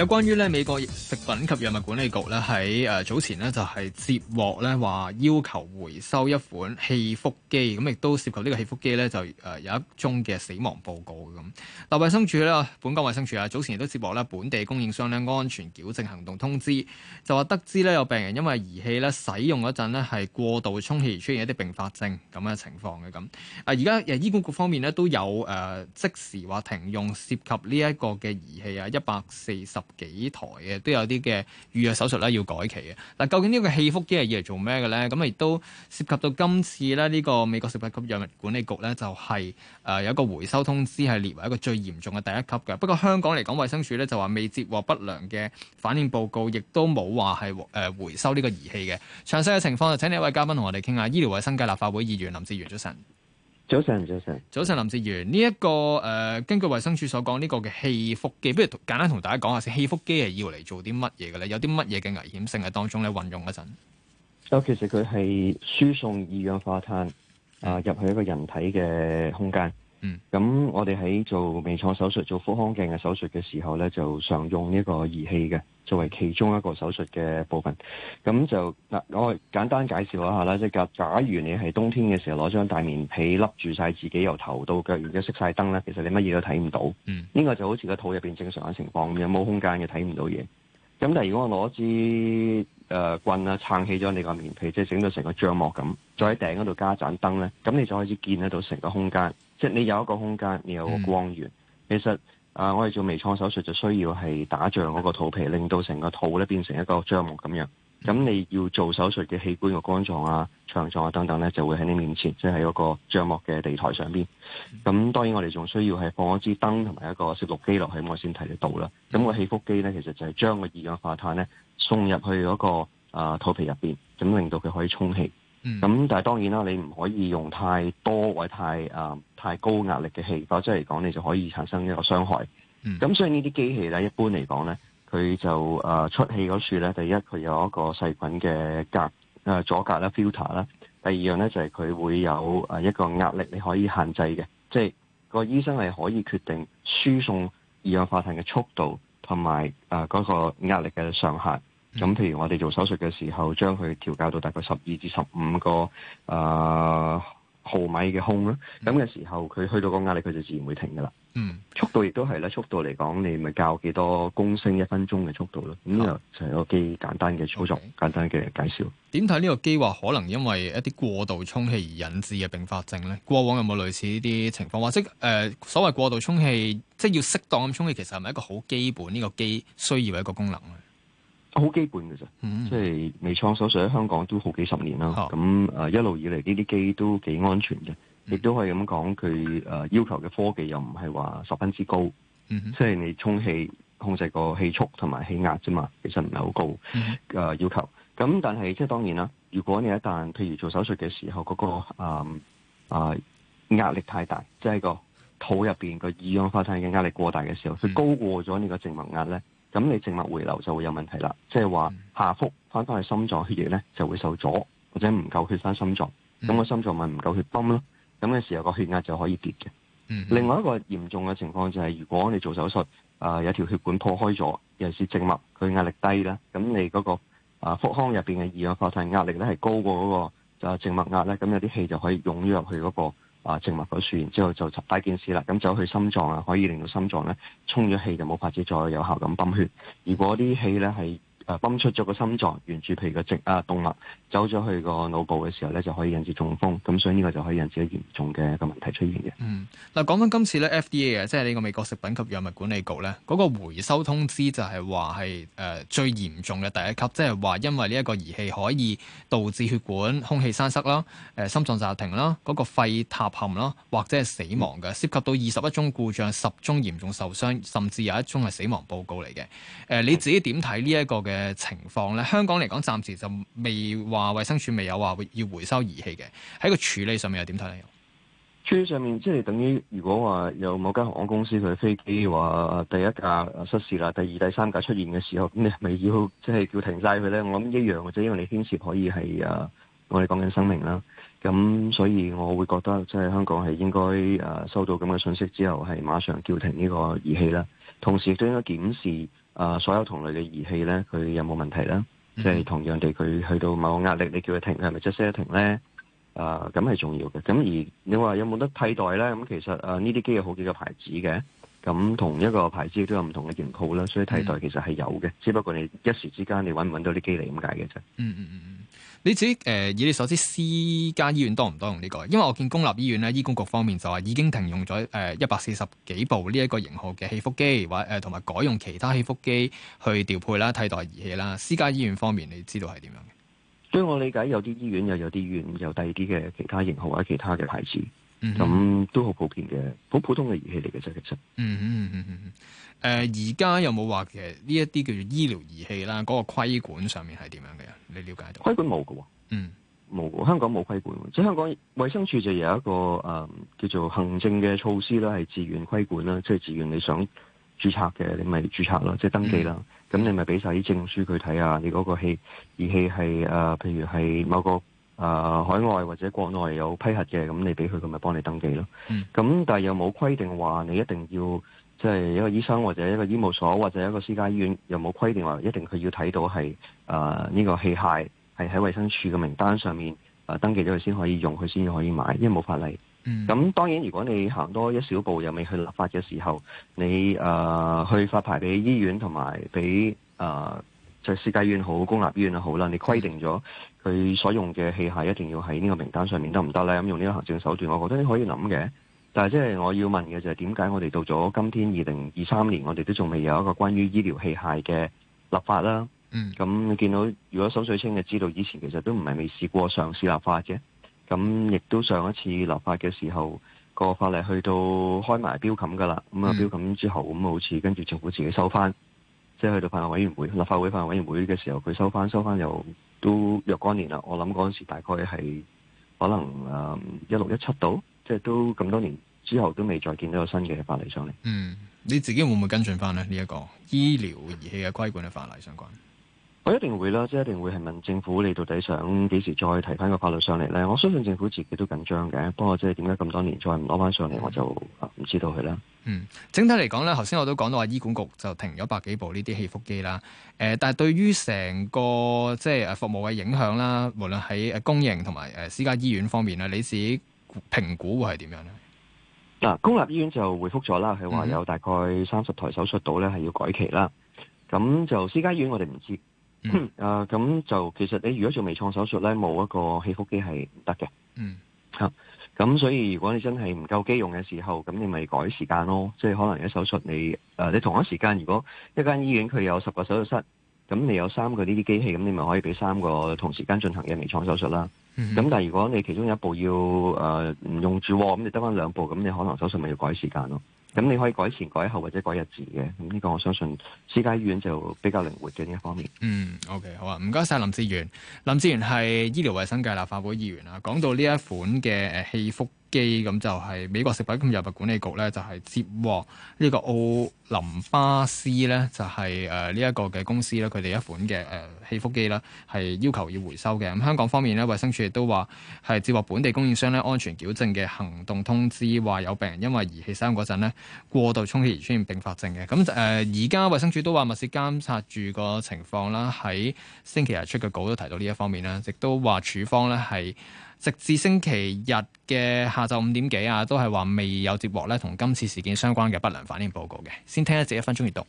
有關於咧美國食品及藥物管理局咧喺誒早前咧就係接獲咧話要求回收一款氣腹機，咁亦都涉及呢個氣腹機咧就誒有一宗嘅死亡報告嘅咁。但衛生署咧本港衛生署啊，早前亦都接獲咧本地供應商咧安全矯正行動通知，就話得知呢有病人因為儀器咧使用嗰陣呢係過度充氣而出現一啲併發症咁嘅情況嘅咁。啊而家誒醫管局方面呢，都有誒即時話停用涉及呢一個嘅儀器啊一百四十。幾台嘅都有啲嘅預約手術咧，要改期嘅嗱。究竟呢個氣腹機係用嚟做咩嘅呢？咁亦都涉及到今次咧呢個美國食品及藥物管理局呢，就係誒有一個回收通知係列為一個最嚴重嘅第一級嘅。不過香港嚟講，衛生署呢就話未接獲不良嘅反應報告，亦都冇話係誒回收呢個儀器嘅詳細嘅情況。就請另一位嘉賓同我哋傾下，醫療衞生界立法會議員林哲玄，早晨。早晨，早晨。早晨，林哲玄，呢一個誒，根據衛生署所講呢個嘅氣腹機，不如簡單同大家講下，氣腹機係要嚟做啲乜嘢嘅咧？有啲乜嘢嘅危險性喺當中咧？運用嗰陣，啊，其實佢係輸送二氧化碳啊入去一個人體嘅空間。嗯，咁我哋喺做微創手術、做腹腔鏡嘅手術嘅時候咧，就常用呢個儀器嘅，作為其中一個手術嘅部分。咁就嗱，我簡單介紹一下啦。即係假假如你係冬天嘅時候攞張大棉被笠住晒自己，由頭到腳，而家熄晒燈咧，其實你乜嘢都睇唔到。嗯，呢、這個就好似個肚入邊正常嘅情況，有冇空間嘅睇唔到嘢。咁但係如果我攞支誒、呃、棍呀撐起咗你個棉被，即係整到成個帳幕咁，再喺頂嗰度加盞燈咧，咁你就可以見得到成個空間。即你有一個空間，你有個光源。嗯、其實啊、呃，我哋做微創手術就需要係打仗嗰個肚皮，令到成個肚咧變成一個帳幕咁樣。咁、嗯、你要做手術嘅器官個肝臟啊、腸臟啊等等咧，就會喺你面前，即係喺嗰個帳幕嘅地台上邊。咁、嗯、當然我哋仲需要係放一支燈同埋一個攝錄機落去我先睇得到啦。咁、那個氣腹機咧，其實就係將個二氧化碳咧送入去嗰、那個啊、呃、肚皮入面，咁令到佢可以充氣。咁、嗯、但係當然啦，你唔可以用太多或者太啊。呃太高壓力嘅氣，即係嚟講，你就可以產生一個傷害。咁、嗯、所以呢啲機器咧，一般嚟講咧，佢就誒、呃、出氣嗰處咧，第一佢有一個細菌嘅、呃、隔誒阻隔啦，filter 啦。第二樣咧就係、是、佢會有、呃、一個壓力，你可以限制嘅，即、就、係、是、個醫生係可以決定輸送二氧化碳嘅速度同埋誒嗰個壓力嘅上限。咁、嗯、譬如我哋做手術嘅時候，將佢調校到大概十二至十五個誒。呃.毫米嘅空啦，咁、嗯、嘅時候佢去到個壓力，佢就自然會停㗎喇。嗯，速度亦都係咧，速度嚟講，你咪較幾多公升一分鐘嘅速度咯。咁、嗯、啊，就係一個幾簡單嘅操作，嗯 okay、簡單嘅介紹。點睇呢個機話可能因為一啲過度充氣而引致嘅併發症咧？過往有冇類似呢啲情況？或者誒，所謂過度充氣，即係要適當咁充氣，其實係咪一個好基本呢個機需要嘅一個功能咧？好基本嘅啫，即係微創手術喺香港都好幾十年啦。咁、呃、一路以嚟呢啲機都幾安全嘅，亦、嗯、都可以咁講，佢誒要求嘅科技又唔係話十分之高，即、嗯、係、就是、你充氣控制個氣速同埋氣壓啫嘛，其實唔係好高誒、嗯呃、要求。咁但係即係當然啦，如果你一旦譬如做手術嘅時候嗰、那個啊啊壓力太大，即、就、係、是、個肚入邊個二氧化碳嘅壓力過大嘅時候，佢高過咗呢個靜脈壓咧。嗯.咁你靜脈回流就會有問題啦，即係話下腹翻翻去心臟血液咧就會受阻，或者唔夠血翻心臟，咁、mm-hmm. 個心臟咪唔夠血泵咯。咁嘅時候個血壓就可以跌嘅。Mm-hmm. 另外一個嚴重嘅情況就係如果你做手術，啊、呃、有條血管破開咗，尤其是靜脈，佢壓力低啦，咁你嗰個腹腔入面嘅二氧化碳壓力咧係高過嗰個啊靜脈壓力咧，咁有啲氣就可以湧咗入去嗰、嗰個。啊，靜脈嗰處，然之後就大件事啦，咁走去心臟啊，可以令到心臟咧充咗氣就冇法子再有效咁泵血。如果啲氣咧係，泵、啊、出咗個心臟，沿住皮嘅直靜啊動脈走咗去個腦部嘅時候咧，就可以引致中風，咁所以呢個就可以引致一嚴重嘅個問題出現嘅。嗯，嗱、啊、講緊今次咧，FDA 啊，即係呢個美國食品及藥物管理局咧，嗰、那個回收通知就係話係誒最嚴重嘅第一級，即係話因為呢一個儀器可以導致血管空氣栓塞啦、誒、呃、心臟驟停啦、嗰、那個肺塌陷啦，或者係死亡嘅、嗯，涉及到二十一宗故障、十宗嚴重受傷，甚至有一宗係死亡報告嚟嘅。誒、呃，你自己點睇呢一個嘅？嘅情況咧，香港嚟講暫時就未話衛生署未有話要回收儀器嘅，喺個處理上面又點睇咧？處理上面即係等於如果話有某間航空公司佢飛機話第一架失事啦，第二、第三架出現嘅時候，咁你係咪要即係叫停晒佢咧？我諗一樣嘅啫，因為你牽涉可以係誒，我哋講緊生命啦，咁所以我會覺得即係香港係應該誒收到咁嘅訊息之後係馬上叫停呢個儀器啦，同時亦都應該檢視。啊、呃！所有同類嘅儀器咧，佢有冇問題啦？Mm-hmm. 即係同樣地，佢去到某個壓力，你叫佢停，係咪即係 set 定咧？啊、呃，咁係重要嘅。咁而，而你話有冇得替代咧？咁其實啊，呢啲機有好幾個牌子嘅。咁同一個牌子都有唔同嘅型號啦，所以替代其實係有嘅，只、嗯、不過你一時之間你揾唔揾到啲機嚟咁解嘅啫。嗯嗯嗯嗯，你自己誒、呃、以你所知，私家醫院多唔多用呢、呢個？因為我見公立醫院咧，醫管局方面就話已經停用咗誒一百四十幾部呢一個型號嘅氣腹機，或誒同埋改用其他氣腹機去調配啦、替代儀器啦。私家醫院方面，你知道係點樣嘅？據我理解，有啲醫院又有啲醫院有第二啲嘅其他型號或者其他嘅牌子。咁、嗯、都好普遍嘅，好普通嘅儀器嚟嘅啫，其實。嗯嗯嗯誒，而、呃、家有冇話其實呢一啲叫做醫療儀器啦，嗰、那個規管上面係點樣嘅？你了解到？規管冇㗎，嗯，冇，香港冇規管，即係香港衛生署就有一個誒、呃、叫做行政嘅措施啦，係自願規管啦、就是，即係自願你想注冊嘅，你咪注冊咯，即係登記啦，咁你咪俾晒啲證書佢睇下，你嗰個器儀器係誒，譬如係某個。啊、呃，海外或者國內有批核嘅，咁你俾佢，佢咪幫你登記咯。咁、嗯、但係又冇規定話你一定要，即、就、係、是、一個醫生或者一個醫務所或者一個私家醫院，又冇規定話一定佢要睇到係啊呢個器械係喺衛生署嘅名單上面、呃、登記咗佢先可以用，佢先可以買，因為冇法例。咁、嗯、當然如果你行多一小步，又未去立法嘅時候，你啊、呃、去發牌俾醫院同埋俾啊。呃就係私家醫院好，公立醫院好啦。你規定咗佢所用嘅器械一定要喺呢個名單上面得唔得咧？咁用呢個行政手段，我覺得你可以諗嘅。但係即係我要問嘅就係點解我哋到咗今天二零二三年，我哋都仲未有一個關於醫療器械嘅立法啦。嗯。咁見到如果沈水清就知道以前其實都唔係未試過上市立法啫。咁亦都上一次立法嘅時候，個法例去到開埋標籤㗎啦。咁啊標籤之後，咁好似跟住政府自己收翻。即係去到法案委員會，立法會法案委員會嘅時候，佢收翻收翻又都若干年啦。我諗嗰陣時大概係可能誒一六一七度，即係都咁多年之後都未再見到有新嘅法例上嚟。嗯，你自己會唔會跟進翻咧？呢、這、一個醫療儀器嘅規管嘅法例相關。我一定會啦，即係一定會係問政府，你到底想幾時再提翻個法律上嚟咧？我相信政府自己都緊張嘅，不過即係點解咁多年再唔攞翻上嚟，我就唔知道佢啦。嗯，整體嚟講咧，頭先我都講到話醫管局就停咗百幾部呢啲氣腹機啦。誒、呃，但係對於成個即係誒服務嘅影響啦，無論喺公營同埋誒私家醫院方面啦，你自己評估會係點樣咧？嗱、啊，公立醫院就回覆咗啦，係話有大概三十台手術度咧係要改期啦。咁、嗯、就私家醫院我哋唔知道。誒、mm-hmm. 嗯，咁、呃、就其實你如果做微創手術咧，冇一個氣腹機係唔得嘅。嗯、mm-hmm. 啊，吓咁所以如果你真係唔夠機用嘅時候，咁你咪改時間咯。即、就、係、是、可能一手術你誒、呃，你同一時間如果一間醫院佢有十個手術室，咁你有三個呢啲機器，咁你咪可以俾三個同時間進行嘅微創手術啦。咁、mm-hmm. 但係如果你其中有一部要誒唔、呃、用住，咁你得返兩部，咁你可能手術咪要改時間咯。咁你可以改前改後或者改日子嘅，咁呢個我相信私家醫院就比較靈活嘅呢一方面。嗯，OK 好啊，唔該晒林哲玄。林哲玄係醫療衛生界立法會議員啦。講到呢一款嘅誒氣腹呃機咁就係美國食品及藥物管理局咧，就係、是、接獲呢、這個奧林巴斯咧，就係誒呢一個嘅公司咧，佢哋一款嘅誒、呃、氣腹機啦，係要求要回收嘅。咁香港方面咧，衛生署亦都話係接獲本地供應商咧安全矯正嘅行動通知，話有病人因為儀器使用嗰陣咧過度充氣而出現併發症嘅。咁誒而家衛生署都話密切監察住個情況啦，喺星期日出嘅稿都提到呢一方面啦，亦都話處方咧係。是直至星期日嘅下晝五點幾啊，都係話未有接獲咧同今次事件相關嘅不良反應報告嘅。先聽一節一分鐘閱讀。